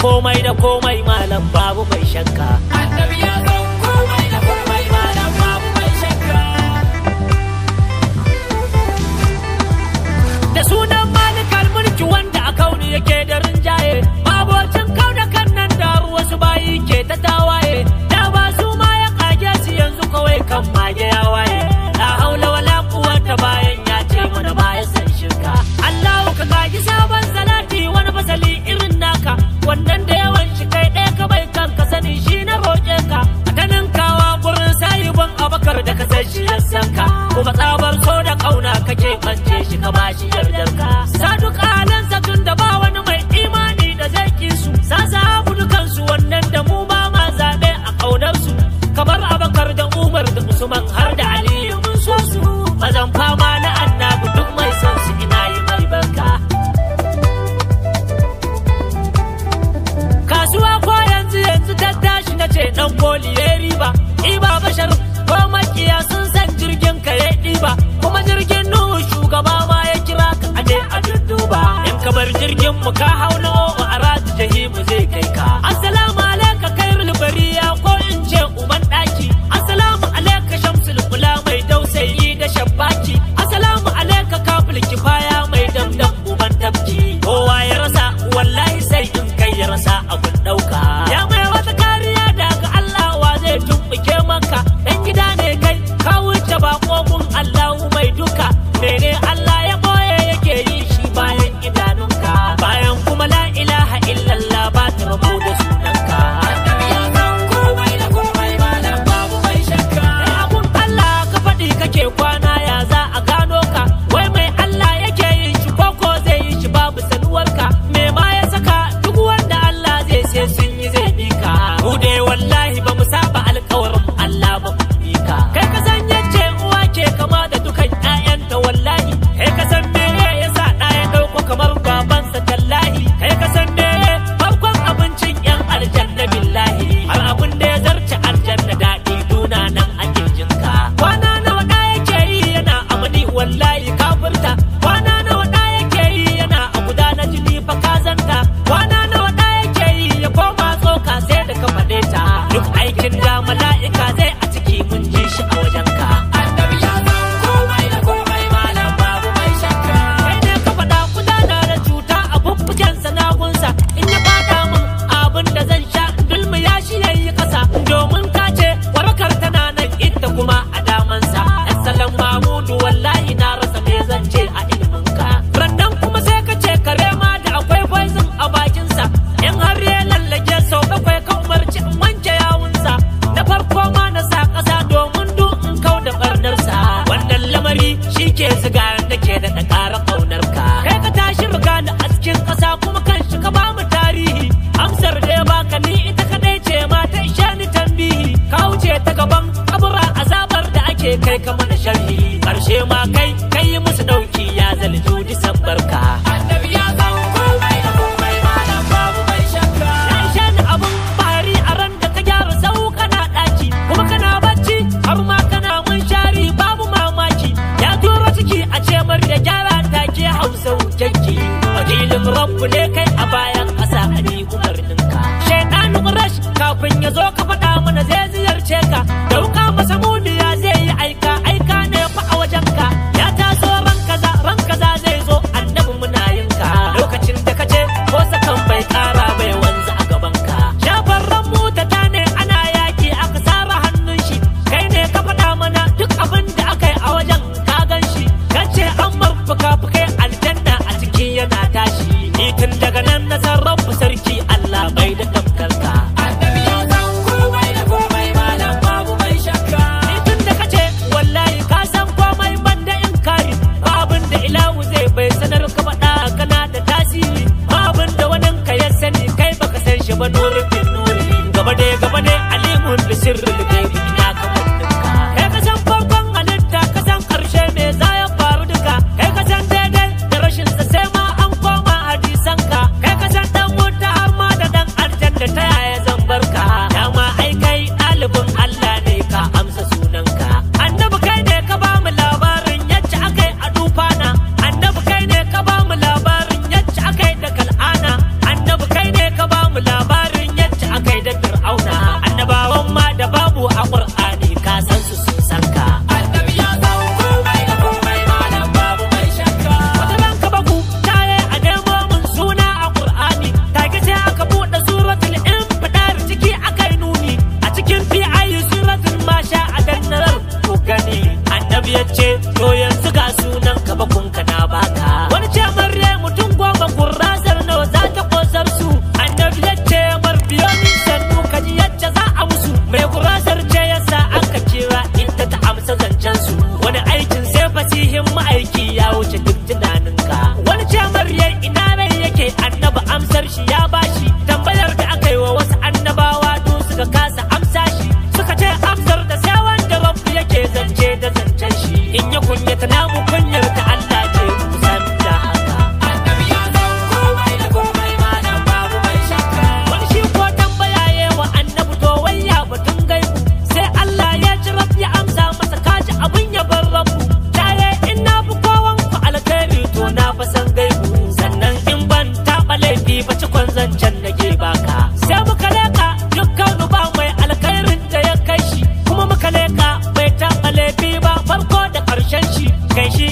komai da komai malam babu mai shakka ce dan koli ya riba iba bashar ko makiya sun san jirgin ka ya ɗiba kuma jirgin nuhu shugaba ma ya kira ka a ne a duba in ka bar jirgin mu ka hau na a ratu jahimu zai kai ka assalamu kai ka mana sharhi karshe ma kai kayi masu musu dauki ya zalju di sabbarka annabi ya san komai da komai malam babu mai shakka dan shan abun bari a ran da ka gyara sau kana daki kuma kana bacci har ma kana mun shari babu mamaki ya turo ciki a ce da gyara take hausa wukenki wakilin rabbu ne kai a bayan kasa ani umarninka shaidanin rash kafin yazo zo ka faɗa mana zai ziyarce ka सिर दे the na she